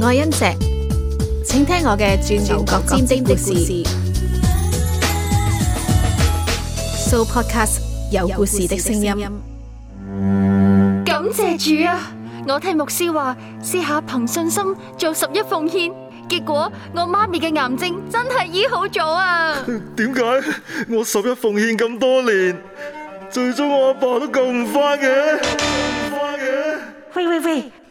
我係恩石，請聽我嘅轉牛角尖的故事。So podcast 有故事的聲音。感謝主啊！我聽牧師話，試下憑信心做十一奉獻，結果我媽咪嘅癌症真係醫好咗啊！點解我十一奉獻咁多年，最終我阿爸都救唔翻嘅？救唔翻嘅？喂喂喂！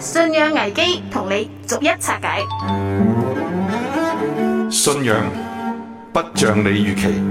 信仰危機同你逐一拆解。信仰不像你預期。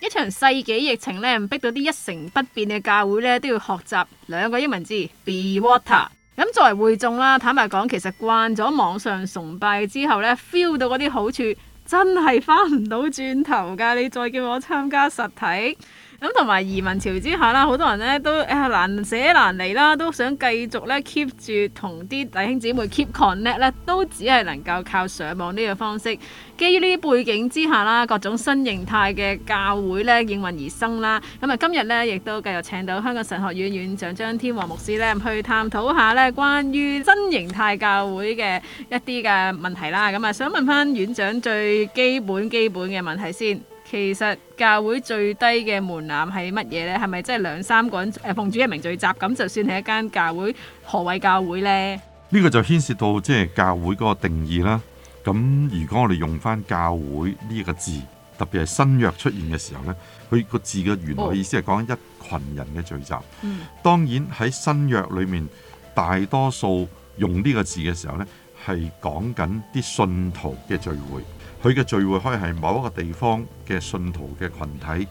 一場世紀疫情咧，逼到啲一成不變嘅教會咧，都要學習兩個英文字：Be Water。咁作為會眾啦，坦白講，其實慣咗網上崇拜之後呢 feel 到嗰啲好處。真係翻唔到轉頭㗎！你再叫我參加實體。咁同埋移民潮之下啦，好多人咧都難捨難離啦，都想繼續咧 keep 住同啲弟兄姊妹 keep connect 咧，都只係能夠靠上網呢個方式。基於呢啲背景之下啦，各種新形態嘅教會咧應運而生啦。咁啊，今日咧亦都繼續請到香港神學院院長張天和牧師咧去探討下咧關於新型態教會嘅一啲嘅問題啦。咁啊，想問翻院長最基本基本嘅問題先。其實教會最低嘅門檻係乜嘢呢？係咪即係兩三個人誒奉主嘅名聚集咁？就算係一間教會，何謂教會呢？呢、這個就牽涉到即係教會嗰個定義啦。咁如果我哋用翻教會呢個字，特別係新約出現嘅時候呢，佢個字嘅原來意思係講一群人嘅聚集。哦。嗯，當然喺新約裏面，大多數用呢個字嘅時候呢，係講緊啲信徒嘅聚會。佢嘅聚會可以係某一個地方嘅信徒嘅群體，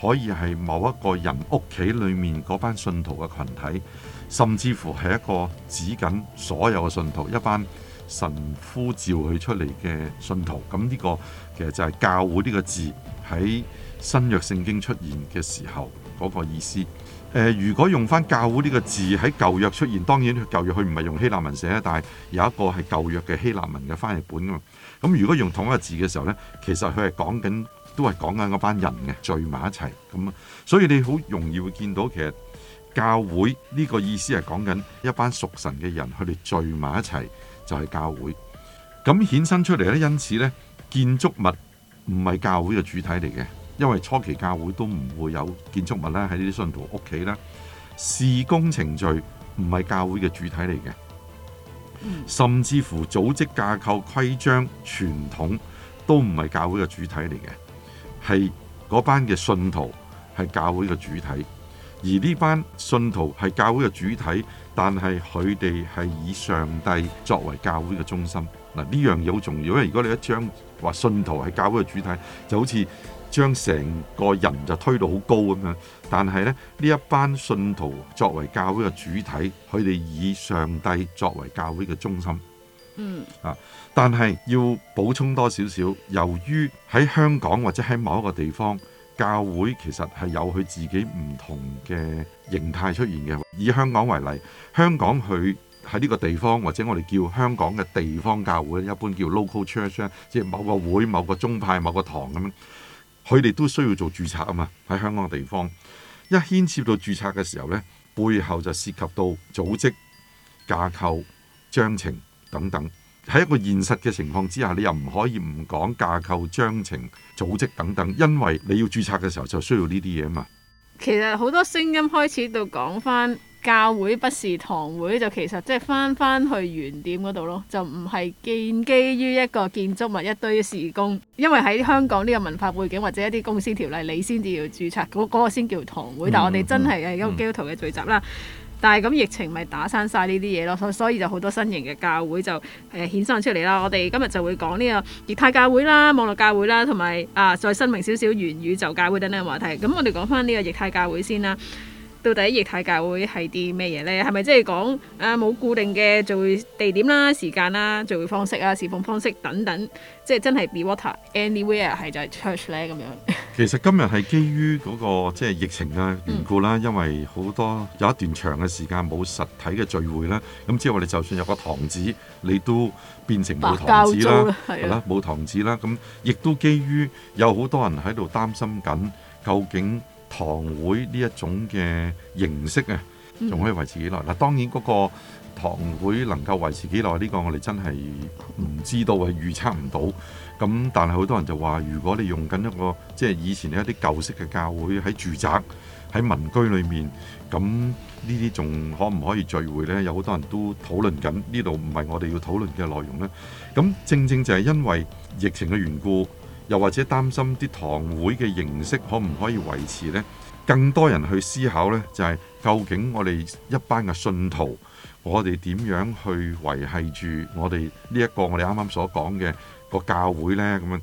可以係某一個人屋企裏面嗰班信徒嘅群體，甚至乎係一個指緊所有嘅信徒一班神呼召佢出嚟嘅信徒。咁呢個其實就係教會呢個字喺新約聖經出現嘅時候嗰個意思。誒、呃，如果用翻教會呢個字喺舊約出現，當然舊約佢唔係用希臘文寫，但係有一個係舊約嘅希臘文嘅翻譯本噶嘛。咁如果用同一個字嘅時候呢，其實佢係講緊都係講緊嗰班人嘅聚埋一齊咁。所以你好容易會見到，其實教會呢個意思係講緊一班屬神嘅人，佢哋聚埋一齊就係、是、教會。咁衍生出嚟呢，因此呢，建築物唔係教會嘅主體嚟嘅。因為初期教會都唔會有建築物啦，喺呢啲信徒屋企啦，事工程序唔係教會嘅主體嚟嘅，甚至乎組織架構、規章、傳統都唔係教會嘅主體嚟嘅，係嗰班嘅信徒係教會嘅主體。而呢班信徒係教會嘅主體，但係佢哋係以上帝作為教會嘅中心。嗱，呢樣嘢好重要，因為如果你一張話信徒係教會嘅主體，就好似將成個人就推到好高咁樣，但係呢，呢一班信徒作為教會嘅主體，佢哋以上帝作為教會嘅中心。嗯啊，但係要補充多少少，由於喺香港或者喺某一個地方，教會其實係有佢自己唔同嘅形態出現嘅。以香港為例，香港佢喺呢個地方或者我哋叫香港嘅地方教會，一般叫 local church，即係某個會、某個宗派、某個堂咁樣。佢哋都需要做註冊啊嘛，喺香港嘅地方，一牽涉到註冊嘅時候呢，背後就涉及到組織架構章程等等，喺一個現實嘅情況之下，你又唔可以唔講架構章程、組織等等，因為你要註冊嘅時候就需要呢啲嘢嘛。其實好多聲音開始到講翻。教會不是堂會，就其實即係返返去原點嗰度咯，就唔係建基於一個建築物、一堆事工，因為喺香港呢個文化背景或者一啲公司條例，你先至要註冊，嗰、嗰個先叫堂會。但係我哋真係係一個基督徒嘅聚集啦、嗯嗯。但係咁疫情咪打散晒呢啲嘢咯，所以就好多新型嘅教會就誒衍生出嚟啦。我哋今日就會講呢個液態教會啦、網絡教會啦，同埋啊再申明少少元宇宙教會等等話題。咁我哋講返呢個液態教會先啦。到底液態教會係啲咩嘢咧？係咪即係講誒冇固定嘅聚會地點啦、時間啦、聚會方式啊、侍奉方，方式等等，即係真係 be water anywhere 係就係 church 咧咁樣。其實今日係基於嗰、那個即係、就是、疫情嘅緣故啦、嗯，因為好多有一段長嘅時間冇實體嘅聚會啦，咁之後我哋就算有個堂子，你都變成冇堂子啦，係啦冇堂子啦，咁亦都基於有好多人喺度擔心緊究竟。堂會呢一種嘅形式啊，仲可以維持幾耐？嗱，當然嗰個堂會能夠維持幾耐，呢個我哋真係唔知道，係預測唔到。咁但係好多人就話，如果你用緊一個即係以前一啲舊式嘅教會喺住宅、喺民居裏面，咁呢啲仲可唔可以聚會呢？有好多人都討論緊，呢度唔係我哋要討論嘅內容呢。咁正正就係因為疫情嘅緣故。又或者擔心啲堂會嘅形式可唔可以維持呢？更多人去思考呢，就係究竟我哋一班嘅信徒，我哋點樣去維繫住我哋呢一個我哋啱啱所講嘅個教會呢？咁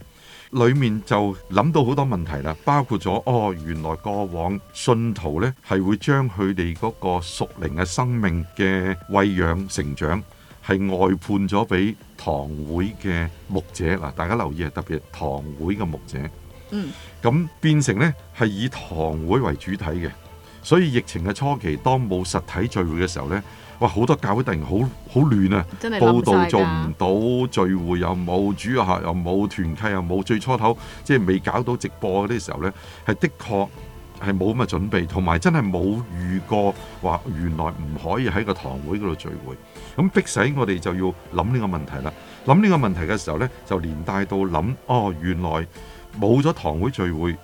樣裏面就諗到好多問題啦，包括咗哦，原來過往信徒呢，係會將佢哋嗰個屬靈嘅生命嘅餵養成長。係外判咗俾堂會嘅牧者，嗱，大家留意係特別堂會嘅牧者。嗯，咁變成呢係以堂會為主體嘅，所以疫情嘅初期，當冇實體聚會嘅時候呢，哇，好多教會突然好好亂啊，真係好唔熟悉嘅，報道做唔到聚會，又冇主要客，又冇團契，又冇最初頭即係未搞到直播嗰啲時候呢，係的確係冇咁嘅準備，同埋真係冇遇過話原來唔可以喺個堂會嗰度聚會。咁逼使我哋就要諗呢個問題啦。諗呢個問題嘅時候呢，就連帶到諗哦，原來冇咗堂會聚會，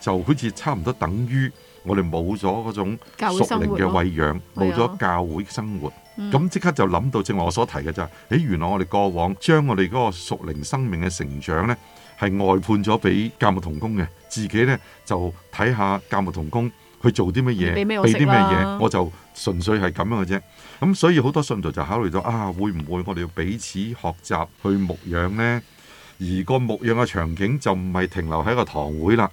就好似差唔多等於我哋冇咗嗰種屬靈嘅餵養，冇咗教會生活。咁即、嗯、刻就諗到，正話我所提嘅就係，誒，原來我哋過往將我哋嗰個屬靈生命嘅成長呢，係外判咗俾教牧同工嘅，自己呢，就睇下教牧同工。去做啲乜嘢？俾啲咩嘢，我就純粹係咁樣嘅啫。咁所以好多信徒就考慮到啊，會唔會我哋要彼此學習去牧養呢？而個牧養嘅場景就唔係停留喺個堂會啦，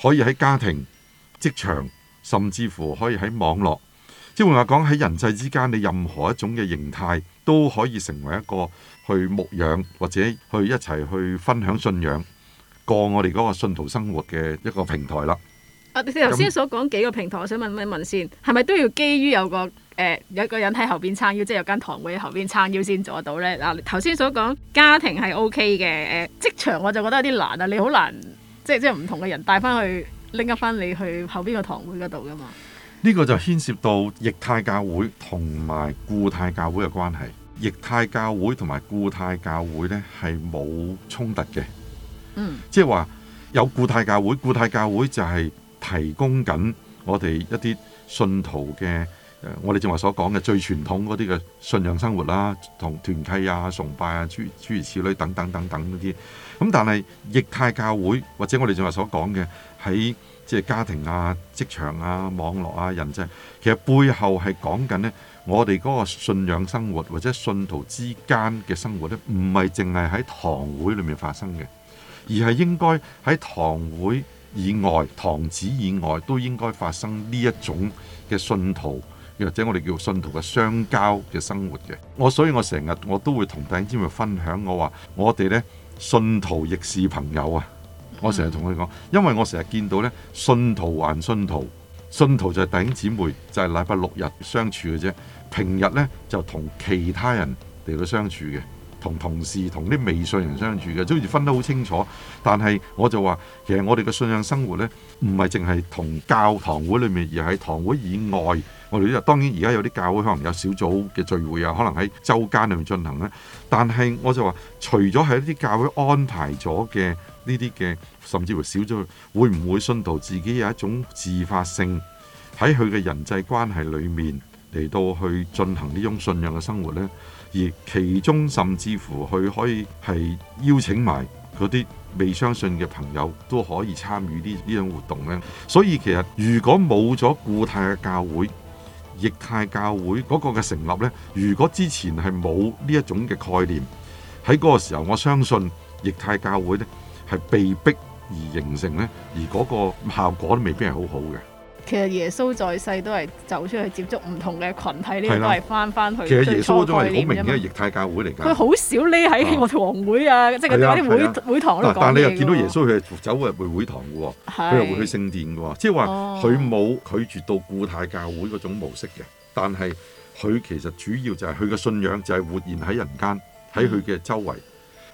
可以喺家庭、職場，甚至乎可以喺網絡。即係換句話講，喺人世之間，你任何一種嘅形態都可以成為一個去牧養或者去一齊去分享信仰、過我哋嗰個信徒生活嘅一個平台啦。我、啊、你頭先所講幾個平台，嗯、我想問一問先，係咪都要基於有個誒、呃、有個人喺後邊撐腰，即係有間堂會喺後邊撐腰先做得到呢？嗱、啊，頭先所講家庭係 OK 嘅，誒、呃，職場我就覺得有啲難啊！你好難，即係即係唔同嘅人帶翻去拎一翻你去後邊個堂會嗰度噶嘛？呢、這個就牽涉到液態教會同埋固態教會嘅關係。液態教會同埋固態教會呢係冇衝突嘅，嗯，即係話有固態教會，固態教會就係、是。提供緊我哋一啲信徒嘅，誒，我哋正話所講嘅最傳統嗰啲嘅信仰生活啦，同團契啊、崇拜啊、諸諸如此類等等等等嗰啲。咁但係液態教會或者我哋正話所講嘅喺即係家庭啊、職場啊、網絡啊、人際，其實背後係講緊呢我哋嗰個信仰生活或者信徒之間嘅生活呢唔係淨係喺堂會裏面發生嘅，而係應該喺堂會以外，堂子以外，都應該發生呢一種嘅信徒，或者我哋叫信徒嘅相交嘅生活嘅。我所以我成日我都會同弟兄姊妹分享我，我話我哋咧信徒亦是朋友啊！我成日同佢講，因為我成日見到咧信徒還信徒，信徒就係弟兄姊妹，就係禮拜六日相處嘅啫，平日咧就同其他人嚟到相處嘅。同同事同啲未信人相處嘅，好似分得好清楚。但係我就話，其實我哋嘅信仰生活呢，唔係淨係同教堂會裏面，而係堂會以外，我哋當然而家有啲教會可能有小組嘅聚會啊，可能喺週間裏面進行呢。但係我就話，除咗喺啲教會安排咗嘅呢啲嘅，甚至乎小組，會唔會信徒自己有一種自發性喺佢嘅人際關係裏面嚟到去進行呢種信仰嘅生活呢？而其中甚至乎佢可以係邀請埋嗰啲未相信嘅朋友都可以參與呢呢種活動咧。所以其實如果冇咗固態嘅教會，液態教會嗰個嘅成立咧，如果之前係冇呢一種嘅概念喺嗰個時候，我相信液態教會咧係被逼而形成咧，而嗰個效果都未必係好好嘅。其實耶穌在世都係走出去接觸唔同嘅群體，呢啲都係翻翻去。其實耶穌都係好明顯係液態教會嚟噶。佢、啊、好少匿喺我哋堂會啊，啊即係嗰啲會會堂度。但係你又見到耶穌，佢係走入會會堂噶，佢又會去聖殿噶，即係話佢冇拒絕到固態教會嗰種模式嘅、哦。但係佢其實主要就係佢嘅信仰就係活現喺人間喺佢嘅周圍。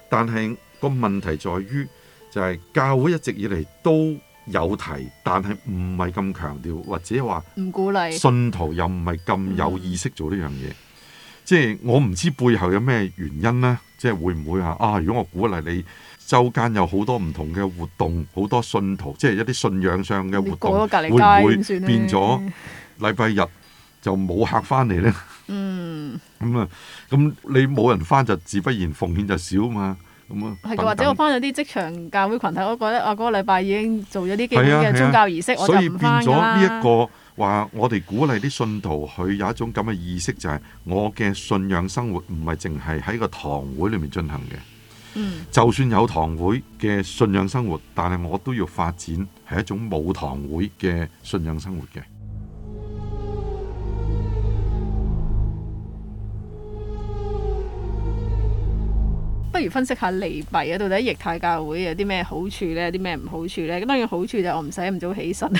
但係個問題在於就係教會一直以嚟都。有提，但係唔係咁強調，或者話，唔鼓勵信徒又唔係咁有意識做呢樣嘢。即係我唔知背後有咩原因呢？即係會唔會啊啊？如果我鼓勵你，周間有好多唔同嘅活動，好多信徒，即係一啲信仰上嘅活動，隔會唔會變咗？禮拜日就冇客翻嚟呢？嗯。咁 啊、嗯，咁你冇人翻就自不然奉獻就少嘛。咁或者我翻咗啲職場教會群體，我都覺得啊，嗰個禮拜已經做咗啲基本嘅宗教儀式，我就唔翻㗎啦。所以變咗呢一個話，我哋鼓勵啲信徒，去有一種咁嘅意識，就係、是、我嘅信仰生活唔係淨係喺個堂會裏面進行嘅。嗯，就算有堂會嘅信仰生活，但係我都要發展係一種冇堂會嘅信仰生活嘅。不如分析下利弊啊！到底液態教會有啲咩好處咧？有啲咩唔好處咧？咁當然好處就係我唔使咁早起身，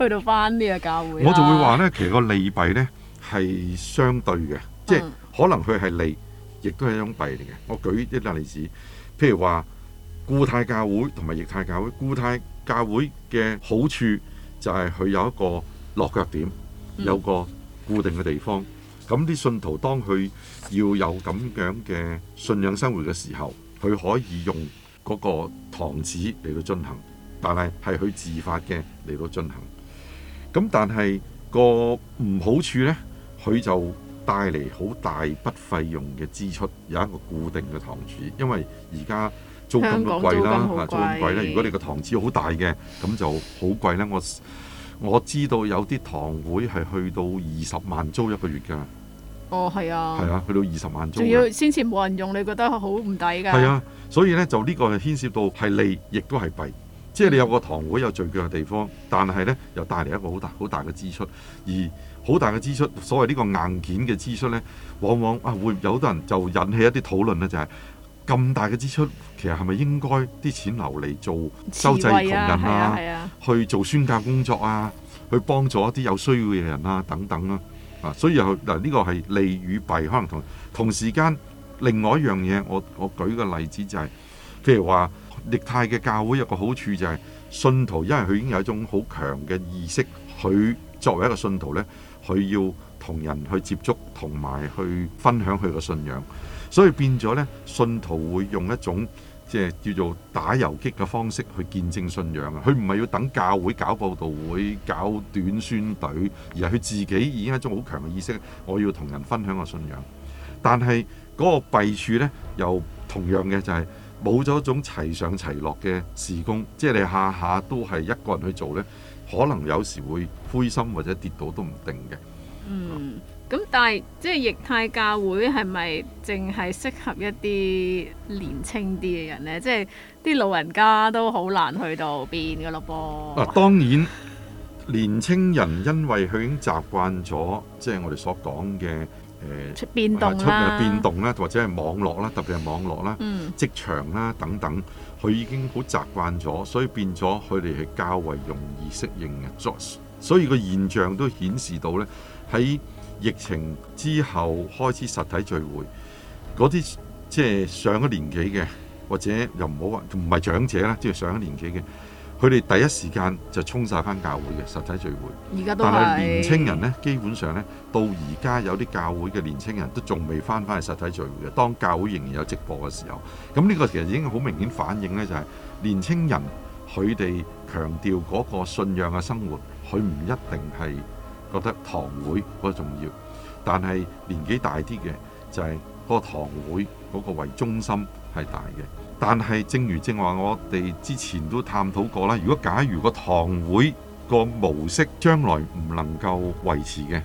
去到翻呢個教會。我就會話咧，其實個利弊咧係相對嘅、嗯，即係可能佢係利，亦都係一種弊嚟嘅。我舉一例子，譬如話固態教會同埋液態教會，固態教會嘅好處就係佢有一個落腳點，有個固定嘅地方。嗯咁啲信徒當佢要有咁樣嘅信仰生活嘅時候，佢可以用嗰個堂址嚟到進行，但係係佢自發嘅嚟到進行。咁但係個唔好處呢，佢就帶嚟好大筆費用嘅支出，有一個固定嘅堂址，因為而家租金都貴啦，租金貴咧，如果你個堂址好大嘅，咁就好貴呢。我。我知道有啲堂會係去到二十萬租一個月噶哦係啊，係啊，去到二十萬租，仲要先前冇人用，你覺得好唔抵噶？係啊，所以咧，就呢個係牽涉到係利亦都係弊，即係你有個堂會有聚腳嘅地方，但係咧，又帶嚟一個好大好大嘅支出，而好大嘅支出，所謂呢個硬件嘅支出咧，往往啊會有好多人就引起一啲討論咧，就係。咁大嘅支出，其實，係咪應該啲錢留嚟做救濟窮人啊，啊，啊，啊，去做宣教工作啊，去幫助一啲有需要嘅人啊等等咯啊，所以又嗱呢個係利與弊，可能同同時間另外一樣嘢，我我舉個例子就係、是、譬如話力泰嘅教會有一個好處，就係信徒，因為佢已經有一種好強嘅意識，佢作為一個信徒咧，佢要同人去接觸同埋去分享佢嘅信仰。所以變咗呢，信徒會用一種即係叫做打遊擊嘅方式去見證信仰啊！佢唔係要等教會搞報道會、搞短宣隊，而係佢自己已經一種好強嘅意識，我要同人分享個信仰。但係嗰個弊處呢，又同樣嘅就係冇咗一種齊上齊落嘅時工。即係你下下都係一個人去做呢，可能有時會灰心或者跌倒都唔定嘅。嗯。咁但係即係液態教會係咪淨係適合一啲年青啲嘅人咧？即係啲老人家都好難去到變嘅咯噃。啊，當然年青人因為佢已經習慣咗，即係我哋所講嘅誒變動啦，變動啦，啊、變動或者係網絡啦，特別係網絡啦、職、嗯、場啦等等，佢已經好習慣咗，所以變咗佢哋係較為容易適應嘅。所以個現象都顯示到咧喺。疫情之後開始實體聚會，嗰啲即係上咗年紀嘅，或者又唔好話唔係長者啦，即係上咗年紀嘅，佢哋第一時間就衝晒翻教會嘅實體聚會。而家都係年輕人呢，基本上呢，到而家有啲教會嘅年輕人都仲未翻返去實體聚會嘅，當教會仍然有直播嘅時候，咁呢個其實已經好明顯反映呢、就係，就係年輕人佢哋強調嗰個信仰嘅生活，佢唔一定係。覺得堂會好重要，但係年紀大啲嘅就係嗰個堂會嗰個為中心係大嘅。但係正如正話，我哋之前都探討過啦。如果假如個堂會個模式將來唔能夠維持嘅，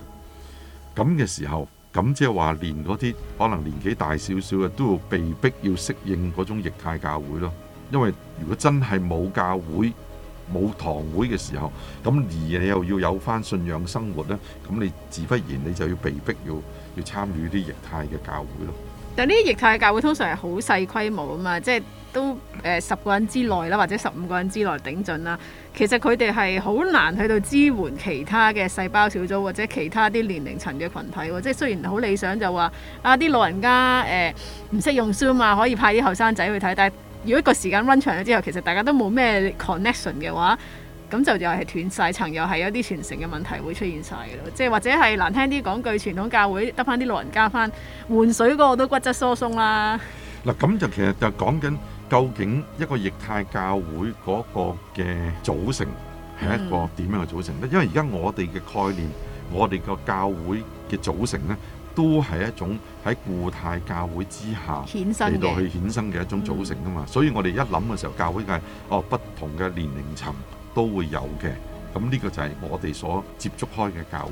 咁嘅時候，咁即係話連嗰啲可能年紀大少少嘅都要被逼要適應嗰種液態教會咯。因為如果真係冇教會，冇堂會嘅時候，咁而你又要有翻信仰生活咧，咁你自不然你就要被逼要要參與啲液態嘅教會咯。但係呢啲液態教會通常係好細規模啊嘛，即係都誒十個人之內啦，或者十五個人之內頂盡啦。其實佢哋係好難去到支援其他嘅細胞小組或者其他啲年齡層嘅群體喎。即係雖然好理想就話啊啲老人家誒唔識用 Zoom 啊嘛，可以派啲後生仔去睇，但係。如果個時間 run 長咗之後，其實大家都冇咩 connection 嘅話，咁就又係斷晒層，又係有啲傳承嘅問題會出現曬咯。即係或者係難聽啲講句，傳統教會得翻啲老人家翻換水嗰個都骨質疏鬆啦。嗱，咁就其實就講緊究竟一個液態教會嗰個嘅組成係一個點樣嘅組成咧？Mm. 因為而家我哋嘅概念，我哋個教會嘅組成咧。都係一種喺固態教會之下嚟到去衍生嘅一種組成噶嘛，所以我哋一諗嘅時候，教會就係哦不同嘅年齡層都會有嘅，咁呢個就係我哋所接觸開嘅教會。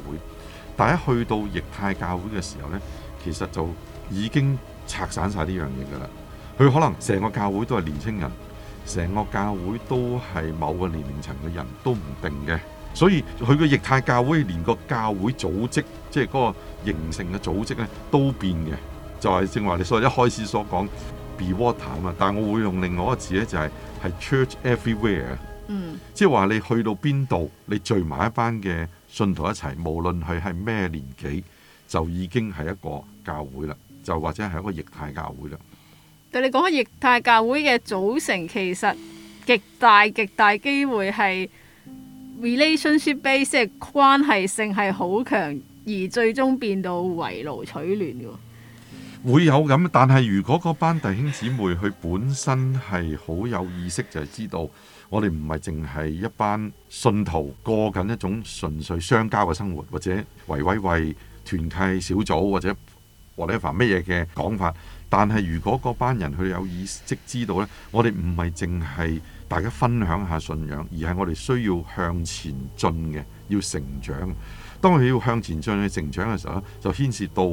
但一去到液態教會嘅時候呢，其實就已經拆散晒呢樣嘢噶啦。佢可能成個教會都係年青人，成個教會都係某個年齡層嘅人都唔定嘅。所以佢個液態教會，連個教會組織，即係嗰個形成嘅組織咧，都變嘅。就係正話你所謂一開始所講 be water 啊嘛，但係我會用另外一個字咧、嗯，就係係 church everywhere。嗯，即係話你去到邊度，你聚埋一班嘅信徒一齊，無論佢係咩年紀，就已經係一個教會啦，就或者係一個液態教會啦。對，你講開液態教會嘅組成，其實極大極大機會係。relationship 即係關係性係好強，而最終變到圍爐取暖嘅。會有咁，但係如果嗰班弟兄姊妹佢 本身係好有意識，就係知道我哋唔係淨係一班信徒過緊一種純粹相交嘅生活，或者為為為團契小組或者 whatever 乜嘢嘅講法。但係如果嗰班人佢有意識知道呢，我哋唔係淨係。大家分享下信仰，而係我哋需要向前進嘅，要成長。當佢要向前進去成長嘅時候，就牽涉到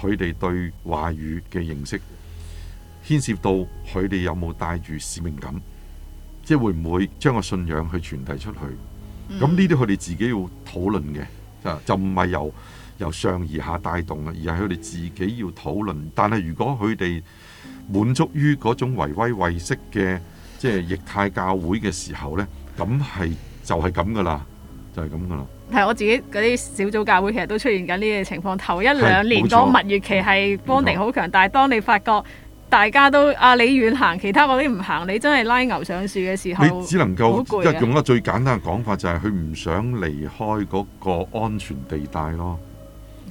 佢哋對話語嘅認識，牽涉到佢哋有冇帶住使命感，即係會唔會將個信仰去傳遞出去。咁呢啲佢哋自己要討論嘅，就唔係由由上而下帶動嘅，而係佢哋自己要討論。但係如果佢哋滿足於嗰種唯威唯色嘅，即係液態教會嘅時候呢，咁係就係咁噶啦，就係咁噶啦。係我自己嗰啲小組教會，其實都出現緊呢個情況。頭一兩年嗰蜜月期係幫你好強，但係當你發覺大家都阿，你遠行，其他嗰啲唔行，你真係拉牛上樹嘅時候，你只能夠即係用得最簡單嘅講法，就係佢唔想離開嗰個安全地帶咯，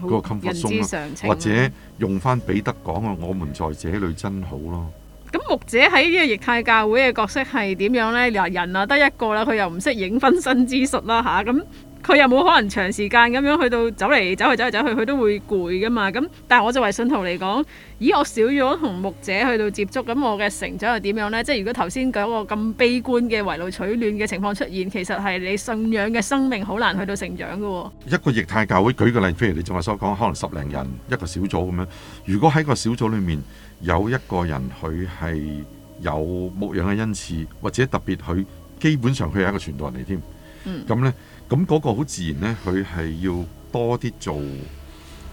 嗰個 comfort zone 啦，或者用翻彼得講啊，我們在這裡真好咯。咁牧者喺呢個液態教會嘅角色係點樣呢？嗱，人啊得一個啦，佢又唔識影分身之術啦吓？咁、啊。佢又冇可能長時間咁樣去到走嚟，走去走去走去，佢都會攰噶嘛。咁但係我作為信徒嚟講，咦，我少咗同牧者去到接觸，咁我嘅成長又點樣咧？即係如果頭先講個咁悲觀嘅圍爐取暖嘅情況出現，其實係你信仰嘅生命好難去到成長噶。一個液態教會舉個例，譬如你正話所講，可能十零人一個小組咁樣。如果喺個小組裏面有一個人佢係有牧養嘅恩賜，或者特別佢基本上佢係一個傳道人嚟添，咁咧。咁、那、嗰個好自然呢，佢係要多啲做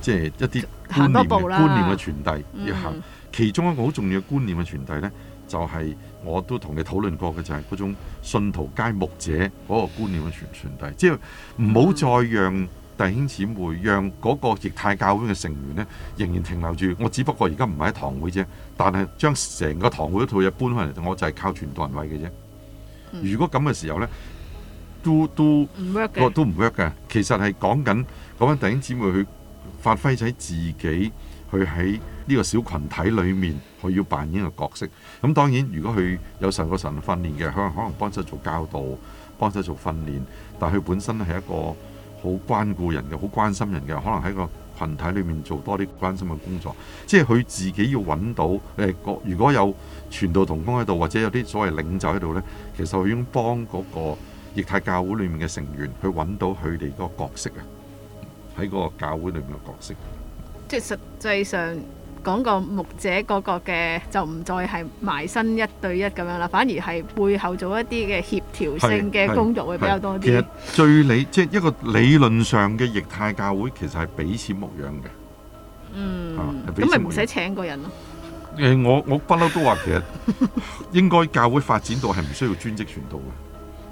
即係、就是、一啲觀念嘅觀念嘅傳遞、嗯、要行。其中一個好重要嘅觀念嘅傳遞呢，就係、是、我都同你討論過嘅，就係、是、嗰種信徒皆牧者嗰個觀念嘅傳傳遞，即係唔好再讓弟兄姊妹、嗯、讓嗰個液態教會嘅成員呢，仍然停留住。我只不過不而家唔係喺堂會啫，但係將成個堂會一套嘢搬翻嚟，我就係靠傳道人位嘅啫。如果咁嘅時候呢，都都唔 work 嘅，其實係講緊嗰班弟兄姊妹去發揮喺自己，去喺呢個小群體裏面，佢要扮演一個角色。咁當然，如果佢有上個神訓練嘅，可能可能幫手做教導，幫手做訓練。但係佢本身係一個好關顧人嘅，好關心人嘅，可能喺個群體裏面做多啲關心嘅工作。即係佢自己要揾到誒個，如果有傳道同工喺度，或者有啲所謂的領袖喺度呢，其實佢已經幫嗰個。液態教會裏面嘅成員去揾到佢哋嗰個角色啊，喺嗰個教會裏面嘅角色。即係實際上講個牧者嗰個嘅就唔再係埋身一對一咁樣啦，反而係背後做一啲嘅協調性嘅工作會比較多啲。其實最理即係一個理論上嘅液態教會其實係彼此牧養嘅。嗯，咁咪唔使請個人咯。誒，我我不嬲都話其實應該教會發展到係唔需要專職傳道嘅。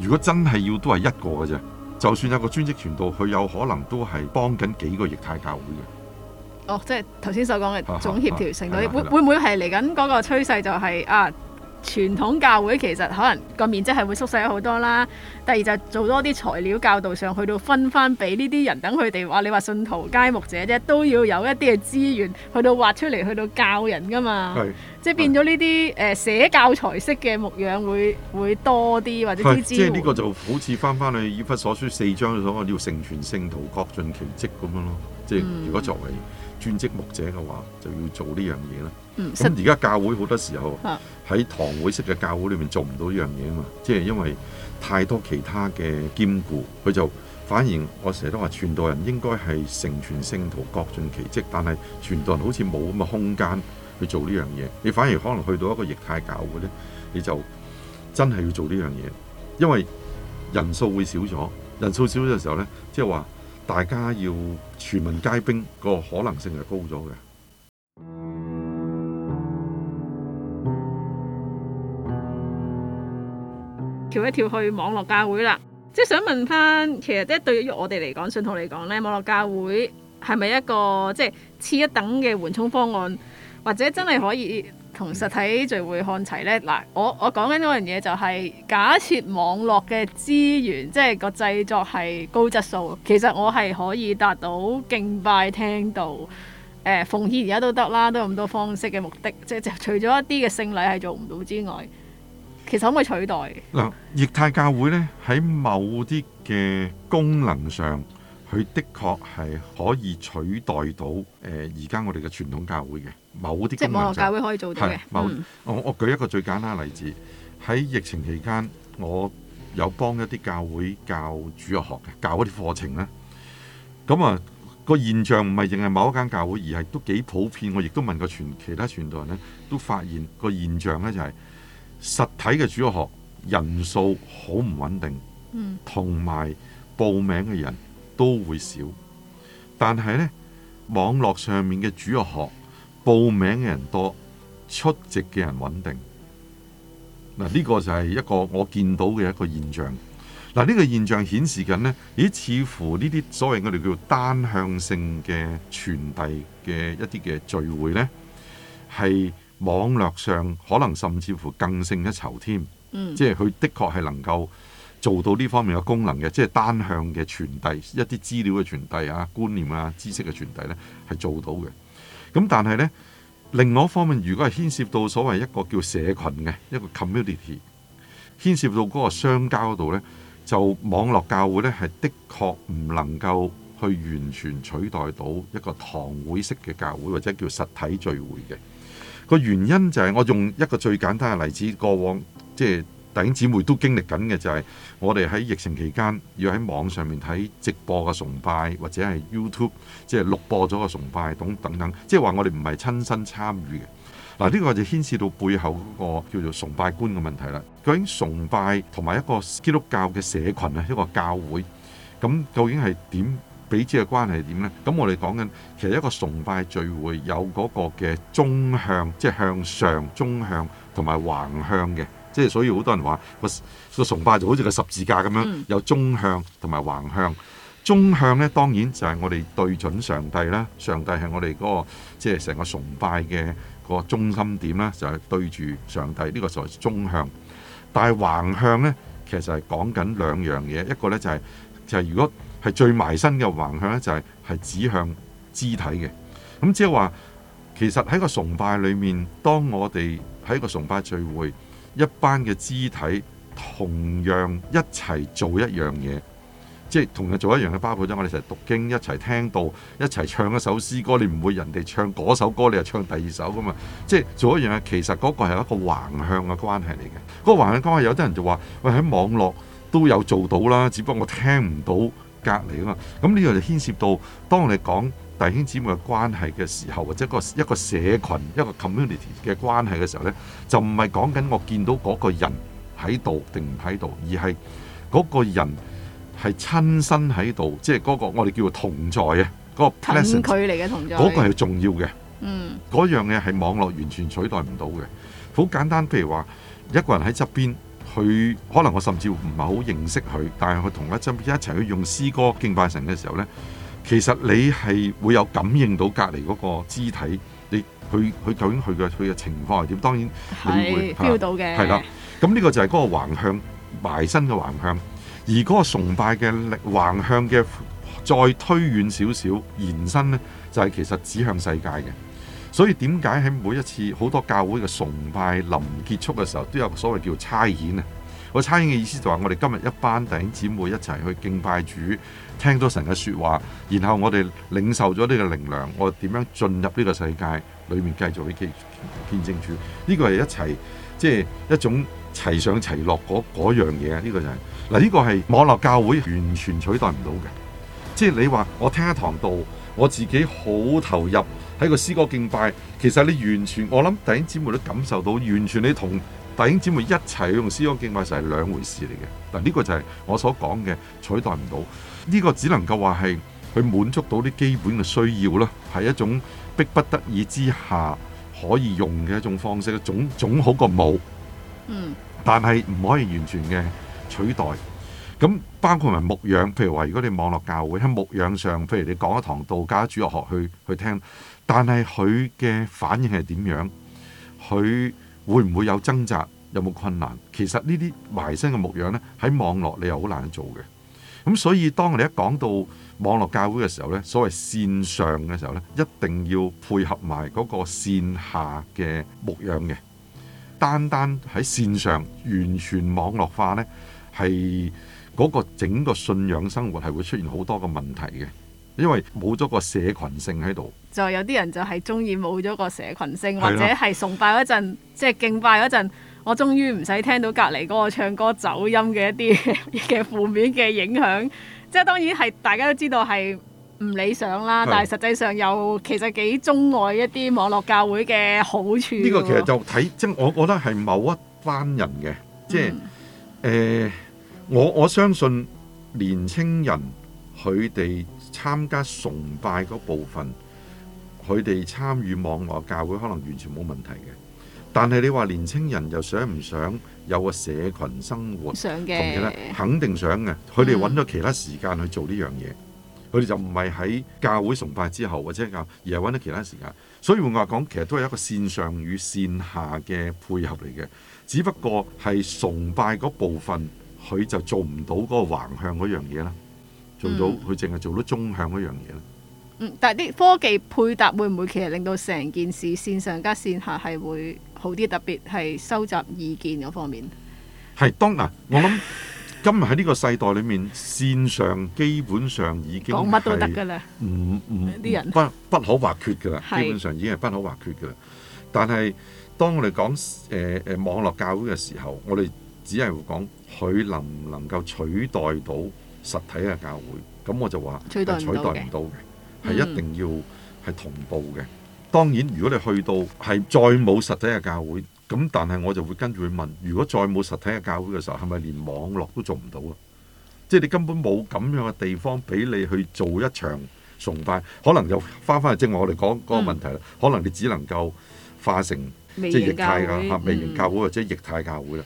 如果真係要都係一個嘅啫，就算有個專職傳道，佢有可能都係幫緊幾個液態教會嘅。哦，即係頭先所講嘅總協調性嗰啲，會會唔會係嚟緊嗰個趨勢就係、是、啊？傳統教會其實可能個面積係會縮細咗好多啦。第二就做多啲材料教導上去到分翻俾呢啲人，等佢哋話你話信徒皆牧者啫，都要有一啲嘅資源去到挖出嚟，去到教人噶嘛。是即係變咗呢啲誒寫教材式嘅牧養會會多啲，或者啲資源即係呢個就好似翻翻去《以弗所書》四章所講要成全聖徒，各盡其職咁樣咯。即係如果作為。嗯專職牧者嘅話就要做呢樣嘢啦。咁而家教會好多時候喺堂會式嘅教會裏面做唔到呢樣嘢啊嘛，即係因為太多其他嘅兼顧，佢就反而我成日都話傳道人應該係成全聖徒，各盡其職。但係傳道人好似冇咁嘅空間去做呢樣嘢，你反而可能去到一個液態教會呢，你就真係要做呢樣嘢，因為人數會少咗，人數少咗嘅時候呢，即係話。大家要全民皆兵，個可能性係高咗嘅。跳一跳去網絡教會啦，即係想問翻，其實即係對於我哋嚟講，信徒嚟講咧，網絡教會係咪一個即係、就是、次一等嘅緩衝方案，或者真係可以？同實體聚會看齊呢，嗱，我我講緊嗰樣嘢就係假設網絡嘅資源，即係個製作係高質素，其實我係可以達到敬拜聽到，呃，奉獻而家都得啦，都有咁多方式嘅目的，即係除咗一啲嘅聖禮係做唔到之外，其實可唔可以取代？嗱，液態教會呢，喺某啲嘅功能上。佢的確係可以取代到誒而家我哋嘅傳統教會嘅某啲，即係網絡教會可以做到嘅某、嗯、我我舉一個最簡單嘅例子，喺疫情期間，我有幫一啲教會教主日學嘅教一啲課程咧。咁、那、啊個現象唔係淨係某一間教會，而係都幾普遍。我亦都問過全其他傳道人呢，都發現個現象呢，就係實體嘅主日學，學人數好唔穩定，同、嗯、埋報名嘅人。都會少，但係呢網絡上面嘅主要學報名嘅人多，出席嘅人穩定。嗱，呢個就係一個我見到嘅一個現象。嗱，呢個現象顯示緊呢，咦？似乎呢啲所謂我哋叫單向性嘅傳遞嘅一啲嘅聚會呢，係網絡上可能甚至乎更勝一籌添，嗯。即係佢的確係能夠。做到呢方面嘅功能嘅，即係單向嘅傳遞一啲資料嘅傳遞啊、觀念啊、知識嘅傳遞咧，係做到嘅。咁但係咧，另外一方面，如果係牽涉到所謂一個叫社群嘅一個 community，牽涉到嗰個相交嗰度咧，就網絡教會咧係的確唔能夠去完全取代到一個堂會式嘅教會或者叫實體聚會嘅個原因就係、是、我用一個最簡單嘅例子，過往即係。就是弟兄姊妹都經歷緊嘅就係我哋喺疫情期間要喺網上面睇直播嘅崇拜，或者係 YouTube 即係錄播咗個崇拜等等等，即係話我哋唔係親身參與嘅嗱。呢個就牽涉到背後嗰個叫做崇拜觀嘅問題啦。究竟崇拜同埋一個基督教嘅社群啊，一個教會咁究竟係點彼此嘅關係點呢？咁我哋講緊其實一個崇拜聚會有嗰個嘅中向，即係向上、中向同埋橫向嘅。即係，所以好多人話個崇拜就好似個十字架咁樣，有中向同埋橫向。中向呢，當然就係我哋對準上帝啦。上帝係我哋嗰個，即係成個崇拜嘅個中心點啦，就係對住上帝。呢個就係中向。但係橫向呢，其實係講緊兩樣嘢，一個呢，就係，就係如果係最埋身嘅橫向呢，就係係指向肢體嘅。咁即係話，其實喺個崇拜裡面，當我哋喺個崇拜聚會。一班嘅肢體同樣一齊做一樣嘢，即係同樣做一樣嘅包括咗我哋成日讀經，一齊聽到，一齊唱一首詩歌。你唔會人哋唱嗰首歌，你又唱第二首㗎嘛？即係做一樣嘢，其實嗰個係一個橫向嘅關係嚟嘅。嗰個橫向關係，有啲人就話：喂，喺網絡都有做到啦，只不過我聽唔到隔離啊嘛。咁呢個就牽涉到當你哋講。弟兄姊妹嘅關係嘅時候，或者個一個社群一個 community 嘅關係嘅時候呢就唔係講緊我見到嗰個人喺度定唔喺度，而係嗰個人係親身喺度，即係嗰個我哋叫做同在嘅嗰個近距離嘅同在，嗰、嗰個係重要嘅。嗯，嗰樣嘢係網絡完全取代唔到嘅。好簡單，譬如話一個人喺側邊，佢可能我甚至唔係好認識佢，但係佢同一側邊一齊去用詩歌敬拜神嘅時候呢。其實你係會有感應到隔離嗰個肢體，你佢佢究竟佢嘅佢嘅情況係點？當然你會感覺到嘅。係啦。咁、啊、呢個就係嗰個橫向埋身嘅橫向，而嗰個崇拜嘅力橫向嘅再推遠少少延伸呢就係、是、其實指向世界嘅。所以點解喺每一次好多教會嘅崇拜臨結束嘅時候，都有所謂叫差遣呢？我差英嘅意思就係，我哋今日一班弟兄姊妹一齊去敬拜主，聽到神嘅說話，然後我哋領受咗呢個靈糧，我點樣進入呢個世界裏面繼續去見證主？呢個係一齊，即係一種齊上齊落嗰嗰樣嘢啊！呢個就係，嗱呢個係網絡教會完全取代唔到嘅，即係你話我聽一堂道，我自己好投入喺個詩歌敬拜，其實你完全我諗弟兄姊妹都感受到，完全你同。弟兄姊妹一齊用《思迦經》咪就係兩回事嚟嘅，嗱呢個就係我所講嘅取代唔到，呢、呢個只能夠話係佢滿足到啲基本嘅需要啦，係一種逼不得已之下可以用嘅一種方式，總總好過冇。但係唔可以完全嘅取代。咁包括埋牧養，譬如話如果你網絡教會喺牧養上，譬如你講一堂道教、主學學去去聽，但係佢嘅反應係點樣？佢會唔會有掙扎？有冇困難？其實呢啲埋身嘅牧養咧，喺網絡你又好難做嘅。咁所以當我哋一講到網絡教會嘅時候咧，所謂線上嘅時候咧，一定要配合埋嗰個線下嘅牧養嘅。單單喺線上完全網絡化咧，係嗰個整個信仰生活係會出現好多嘅問題嘅。因為冇咗個社群性喺度，就有啲人就係中意冇咗個社群性，或者係崇拜嗰陣，即係敬拜嗰陣，我終於唔使聽到隔離嗰個唱歌走音嘅一啲嘅負面嘅影響。即係當然係大家都知道係唔理想啦，但係實際上又其實幾鍾愛一啲網絡教會嘅好處。呢個其實就睇即係我覺得係某一班人嘅，即係誒我我相信年青人佢哋參加崇拜嗰部分，佢哋參與網絡教會可能完全冇問題嘅。但係你話年青人又想唔想有個社群生活？想嘅，肯定想嘅。佢哋揾咗其他時間去做呢樣嘢，佢、嗯、哋就唔係喺教會崇拜之後或者教，而係揾咗其他時間。所以換話講，其實都係一個線上與線下嘅配合嚟嘅。只不過係崇拜嗰部分，佢就做唔到嗰個橫向嗰樣嘢啦。做到佢淨係做到中向嗰樣嘢咧，嗯，但係啲科技配搭會唔會其實令到成件事綫上加綫下係會好啲，特別係收集意見嗰方面？係當嗱，我諗今日喺呢個世代裏面， 綫上基本上已經講乜都得噶啦，唔、嗯、唔，啲、嗯、人不不可或缺噶啦，基本上已經係不可或缺噶啦。但係當我哋講誒誒網絡教會嘅時候，我哋只係會講佢能唔能夠取代到。實體嘅教會，咁我就話取代唔到嘅，係一定要係同步嘅、嗯。當然，如果你去到係再冇實體嘅教會，咁但係我就會跟住去問：如果再冇實體嘅教會嘅時候，係咪連網絡都做唔到啊？即係你根本冇咁樣嘅地方俾你去做一場崇拜，可能就翻返去正話我哋講嗰個問題啦、嗯。可能你只能夠化成即係液態嘅哈，微型教會，型教會、嗯、或者液態教會啦。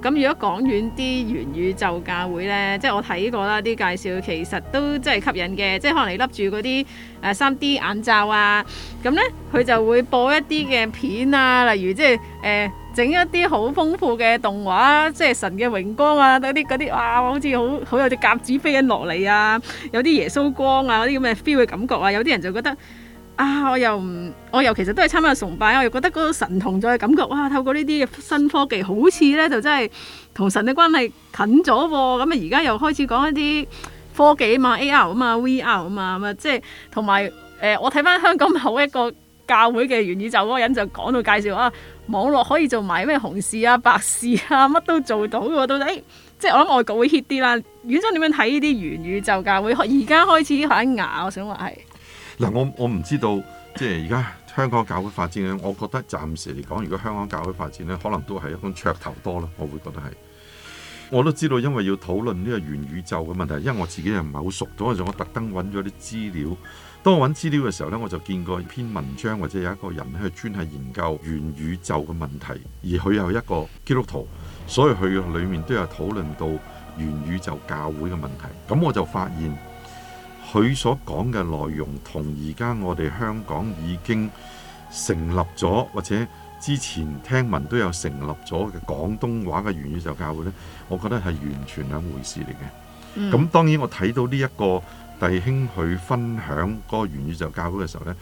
咁、啊、如果講遠啲元宇宙教會咧，即係我睇過啦啲介紹，其實都真係吸引嘅，即係可能你笠住嗰啲誒 3D 眼罩啊，咁咧佢就會播一啲嘅片啊，例如即係誒整一啲好豐富嘅動畫，即係神嘅榮光啊，嗰啲嗰啲哇，好似好好有隻鴿子飛緊落嚟啊，有啲耶穌光啊嗰啲咁嘅 feel 嘅感覺啊，有啲人就覺得。啊！我又唔，我又其實都係參加崇拜，我又覺得嗰個神同在嘅感覺，哇！透過呢啲新科技，好似咧就真係同神嘅關係近咗。咁啊，而家又開始講一啲科技啊嘛，AR 啊嘛，VR 啊嘛，咁啊，即係同埋誒，我睇翻香港某一個教會嘅元宇宙嗰個人就講到介紹啊，網絡可以做埋咩紅事啊、白事啊，乜都做到嘅。到底即係我諗外國會 hit 啲啦。院長點樣睇呢啲元宇宙教會？而家開始反牙，我想話係。嗱，我我唔知道，即係而家香港教會發展咧，我覺得暫時嚟講，如果香港教會發展咧，可能都係一種噱頭多，我會覺得係。我都知道，因為要討論呢個元宇宙嘅問題，因為我自己又唔係好熟，所以我特登揾咗啲資料。當我揾資料嘅時候呢，我就見過一篇文章，或者有一個人咧，專係研究元宇宙嘅問題，而佢有一個基督徒，所以佢嘅裡面都有討論到元宇宙教會嘅問題。咁我就發現。佢所講嘅內容同而家我哋香港已經成立咗，或者之前聽聞都有成立咗嘅廣東話嘅元宇宙教會呢，我覺得係完全兩回事嚟嘅。咁當然我睇到呢一個弟兄去分享嗰個元宇宙教會嘅時候呢，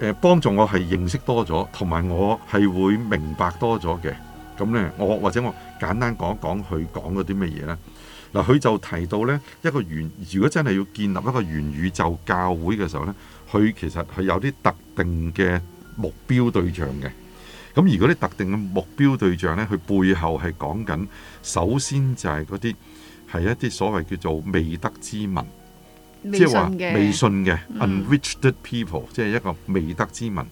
誒幫助我係認識多咗，同埋我係會明白多咗嘅。咁呢，我或者我簡單講一講佢講嗰啲咩嘢呢？嗱，佢就提到呢一個元，如果真係要建立一個元宇宙教會嘅時候呢，佢其實係有啲特定嘅目標對象嘅。咁如果啲特定嘅目標對象呢，佢背後係講緊，首先就係嗰啲係一啲所謂叫做未得之民，即係話未信嘅、嗯、unreached people，即係一個未得之民。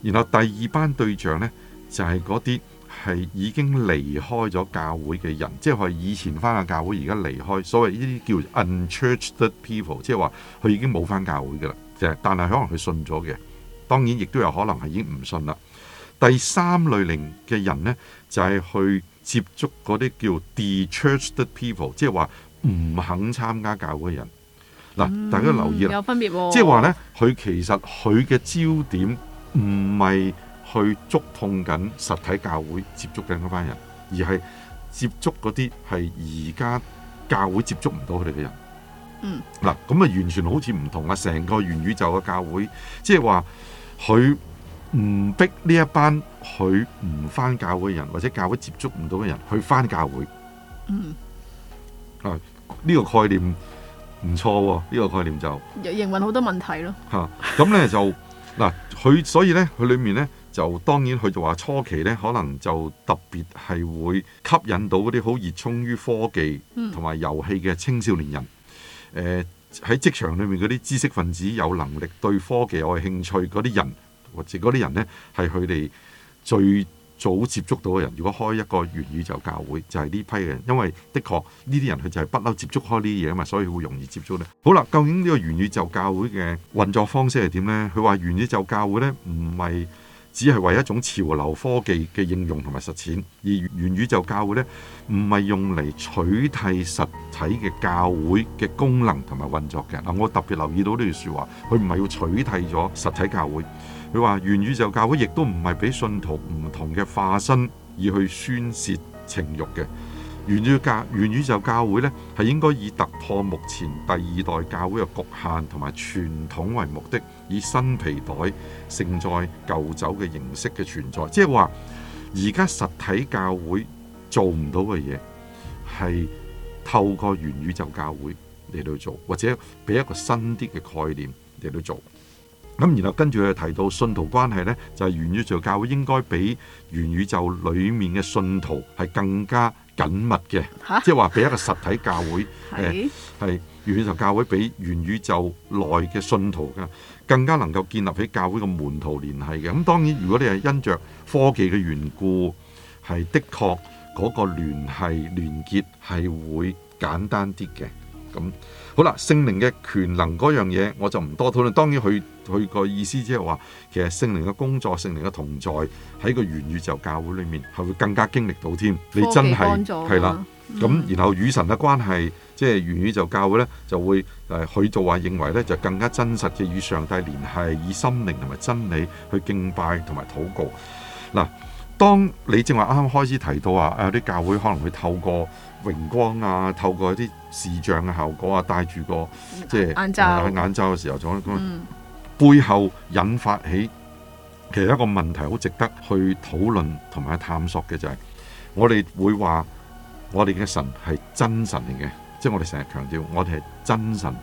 然後第二班對象呢，就係嗰啲。係已經離開咗教會嘅人，即係佢以前翻嘅教會，而家離開。所謂呢啲叫 unchurched people，即係話佢已經冇翻教會嘅啦。但係可能佢信咗嘅，當然亦都有可能係已經唔信啦。第三類型嘅人呢，就係、是、去接觸嗰啲叫 dechurched people，即係話唔肯參加教會嘅人。嗱、嗯，大家留意啦，有分別哦，即係話呢，佢其實佢嘅焦點唔係。去觸痛緊實體教會接觸緊嗰班人，而係接觸嗰啲係而家教會接觸唔到佢哋嘅人。嗯，嗱咁啊，完全好似唔同啊！成個元宇宙嘅教會，即係話佢唔逼呢一班佢唔翻教會嘅人，或者教會接觸唔到嘅人去翻教會。嗯，啊、這、呢個概念唔錯喎，呢、這個概念就營運好多問題咯。嚇咁咧就嗱佢，所以咧佢裡面咧。就當然佢就話初期咧，可能就特別係會吸引到嗰啲好熱衷於科技同埋遊戲嘅青少年人。喺職場裏面嗰啲知識分子有能力對科技有興趣嗰啲人，或者嗰啲人呢，係佢哋最早接觸到嘅人。如果開一個元宇宙教會，就係呢批嘅人，因為的確呢啲人佢就係不嬲接觸開呢啲嘢啊嘛，所以會容易接觸呢。好啦，究竟呢個元宇宙教會嘅運作方式係點呢？佢話元宇宙教會呢，唔係。只係為一種潮流科技嘅應用同埋實踐，而元宇宙教會呢，唔係用嚟取替實體嘅教會嘅功能同埋運作嘅。嗱，我特別留意到呢句説話，佢唔係要取替咗實體教會。佢話元宇宙教會亦都唔係俾信徒唔同嘅化身而去宣泄情慾嘅。元宇宙教，元宇宙教會呢，係應該以突破目前第二代教會嘅局限同埋傳統為目的。以新皮袋盛載舊酒嘅形式嘅存在，即係話而家實體教會做唔到嘅嘢，係透過元宇宙教會嚟到做，或者俾一個新啲嘅概念嚟到做。咁然後跟住佢提到信徒關係呢，就係元宇宙教會應該比元宇宙裡面嘅信徒係更加緊密嘅，即係話俾一個實體教會係元宇宙教會比元宇宙內嘅信徒㗎。更加能夠建立起教會嘅門徒聯繫嘅，咁當然如果你係因着科技嘅緣故，係的確嗰個聯繫聯結係會簡單啲嘅。咁好啦，聖靈嘅權能嗰樣嘢我就唔多討論。當然佢佢個意思即係話，其實聖靈嘅工作、聖靈嘅同在喺個元宇宙教會裏面係會更加經歷到添。你真係係啦，咁、嗯、然後與神嘅關係。即係言語就是、說教會咧，就會誒佢就話認為咧，就更加真實嘅與上帝聯繫，以心靈同埋真理去敬拜同埋禱告。嗱，當你正話啱啱開始提到話，誒啲教會可能會透過榮光啊，透過啲視像嘅效果啊，帶住個即係眼罩嘅時候，咁背後引發起其實一個問題，好值得去討論同埋探索嘅就係、是，我哋會話我哋嘅神係真神嚟嘅。即係我哋成日強調，我哋係真神。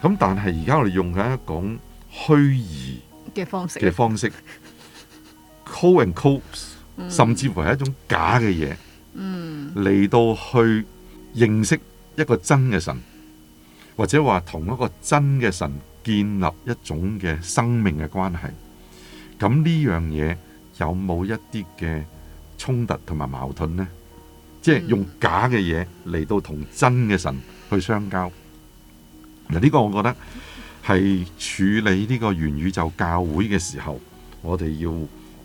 咁但係而家我哋用緊一種虛擬嘅方式嘅方式，call and cope，甚至乎係一種假嘅嘢，嗯，嚟到去認識一個真嘅神，或者話同一個真嘅神建立一種嘅生命嘅關係。咁呢樣嘢有冇一啲嘅衝突同埋矛盾呢？即係用假嘅嘢嚟到同真嘅神去相交，嗱呢個我覺得係處理呢個元宇宙教會嘅時候，我哋要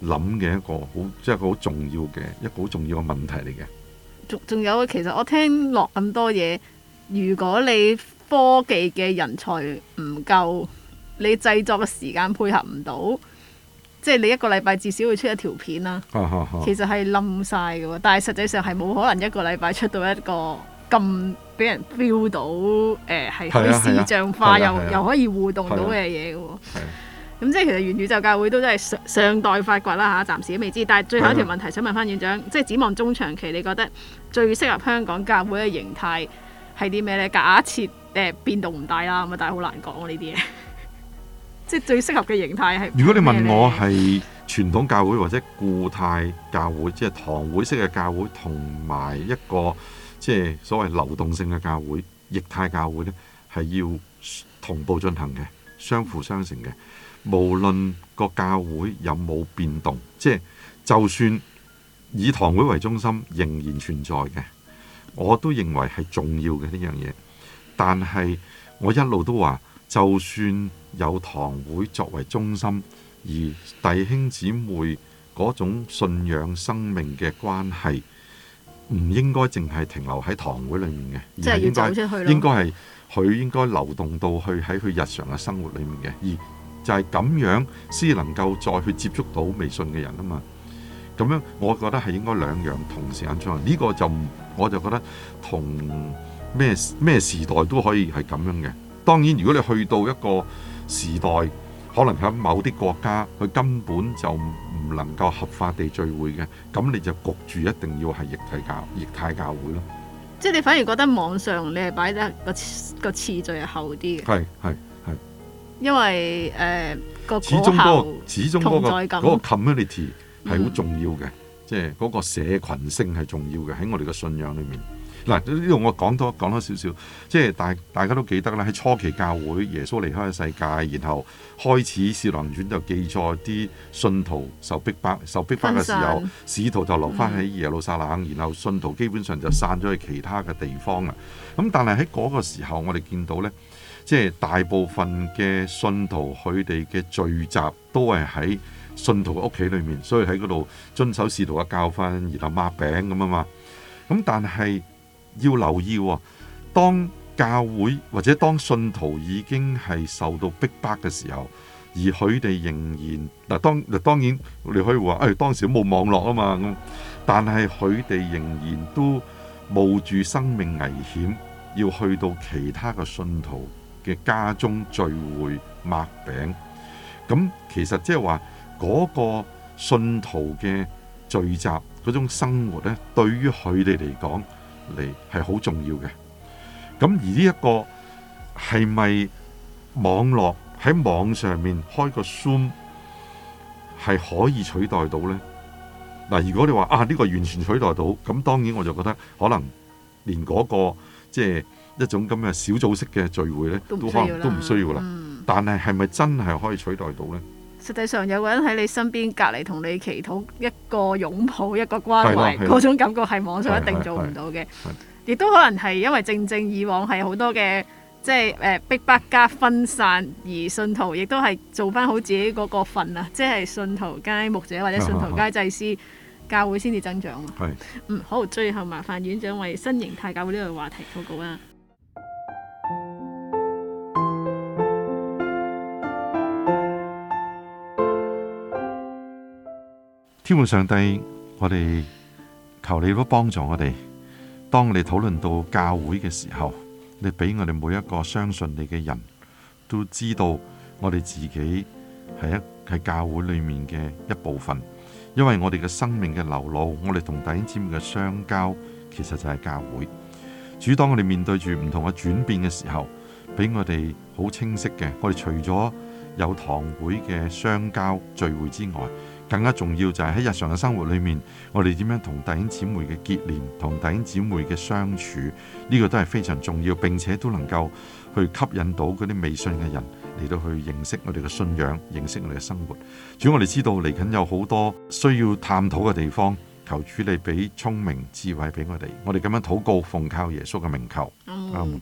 諗嘅一個好即係一個好重要嘅一個好重要嘅問題嚟嘅。仲仲有，其實我聽落咁多嘢，如果你科技嘅人才唔夠，你製作嘅時間配合唔到。即係你一個禮拜至少會出一條片啦，oh, oh, oh. 其實係冧晒嘅喎，但係實際上係冇可能一個禮拜出到一個咁俾人 feel 到誒係、呃、可以視像化、啊、又、啊又、啊、又可以互動到嘅嘢嘅喎。咁、啊、即係其實元宇宙教會都真係尚待發掘啦嚇，暫時都未知。但係最後一條問題想問翻院長，啊、即係展望中長期，你覺得最適合香港教會嘅形態係啲咩咧？假設誒、呃、變動唔大啦，咁啊但係好難講呢啲嘢。即係最適合嘅形態係。如果你問我係傳統教會或者固態教會，即係堂會式嘅教會，同埋一個即係所謂流動性嘅教會、液態教會呢，係要同步進行嘅、相輔相成嘅。無論個教會有冇變動，即係就算以堂會為中心，仍然存在嘅，我都認為係重要嘅呢樣嘢。但係我一路都話。就算有堂會作為中心，而弟兄姊妹嗰種信仰生命嘅關係，唔應該淨係停留喺堂會裏面嘅，而係應該、就是、應該係佢應該流動到去喺佢日常嘅生活裏面嘅，而就係咁樣先能夠再去接觸到未信嘅人啊嘛。咁樣我覺得係應該兩樣同時間進行，呢、這個就我就覺得同咩咩時代都可以係咁樣嘅。當然，如果你去到一個時代，可能喺某啲國家，佢根本就唔能夠合法地聚會嘅，咁你就焗住一定要係液體教、液態教會咯。即係你反而覺得網上你係擺得個個次序係厚啲嘅。係係係，因為誒、呃嗰個，個始終嗰、嗰個始終嗰、嗰個嗰個 community 係好重要嘅，即係嗰個社群性係重要嘅，喺我哋嘅信仰裏面。嗱，呢度我講多講多少少，即係大大家都記得啦。喺初期教會，耶穌離開世界，然後開始《使徒行傳》就記載啲信徒受逼迫、受逼迫嘅時候，使徒就留翻喺耶路撒冷、嗯，然後信徒基本上就散咗去其他嘅地方啦。咁但係喺嗰個時候我看，我哋見到呢，即係大部分嘅信徒佢哋嘅聚集都係喺信徒嘅屋企裏面，所以喺嗰度遵守使徒嘅教訓，然後抹餅咁啊嘛。咁但係，要留意喎、哦，當教會或者當信徒已經係受到逼迫嘅時候，而佢哋仍然嗱，當嗱當然你可以話，誒、哎、當時冇網絡啊嘛，咁，但係佢哋仍然都冒住生命危險要去到其他嘅信徒嘅家中聚會擘餅。咁、嗯、其實即係話嗰個信徒嘅聚集嗰種生活咧，對於佢哋嚟講。嚟係好重要嘅，咁而呢一個，係咪網絡，喺網上面開個 Zoom 係可以取代到咧？嗱，如果你話啊呢、這個完全取代到，咁當然我就覺得可能連嗰、那個即係、就是、一種咁嘅小組式嘅聚會咧，都可能都唔需要啦。嗯、但係係咪真係可以取代到咧？實際上有個人喺你身邊隔離同你祈禱，一個擁抱、一個關懷嗰種感覺係網上一定做唔到嘅，亦都可能係因為正正以往係好多嘅即係逼迫加分散，而信徒亦都係做返好自己嗰個份啊，即係信徒皆牧者或者信徒皆祭司，教會先至增長啊。嗯，好，最後麻煩院長為新型態教會呢個話題報告啦。天父上帝，我哋求你都幫助我哋，當你討論到教會嘅時候，你俾我哋每一個相信你嘅人都知道，我哋自己係一係教會裏面嘅一部分。因為我哋嘅生命嘅流露，我哋同弟兄姊妹嘅相交，其實就係教會。主，當我哋面對住唔同嘅轉變嘅時候，俾我哋好清晰嘅。我哋除咗有堂會嘅相交聚會之外。更加重要就係喺日常嘅生活裏面，我哋點樣同弟兄姊妹嘅結連，同弟兄姊妹嘅相處，呢個都係非常重要，並且都能夠去吸引到嗰啲未信嘅人嚟到去認識我哋嘅信仰，認識我哋嘅生活。只要我哋知道嚟緊有好多需要探討嘅地方，求主你俾聰明智慧俾我哋，我哋咁樣禱告奉靠耶穌嘅名求。嗯嗯。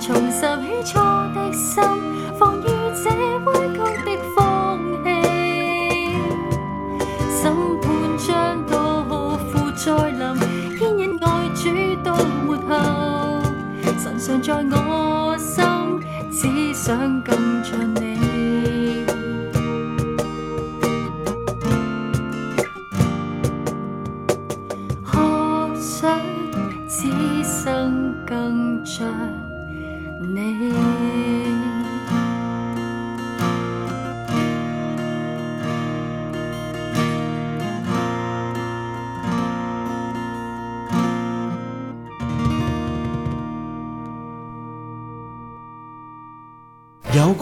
重拾起初的心，防禦的放於這彎曲的風氣。審判將到，負再臨，牽引愛主到末後，神常在我心，只想更像你。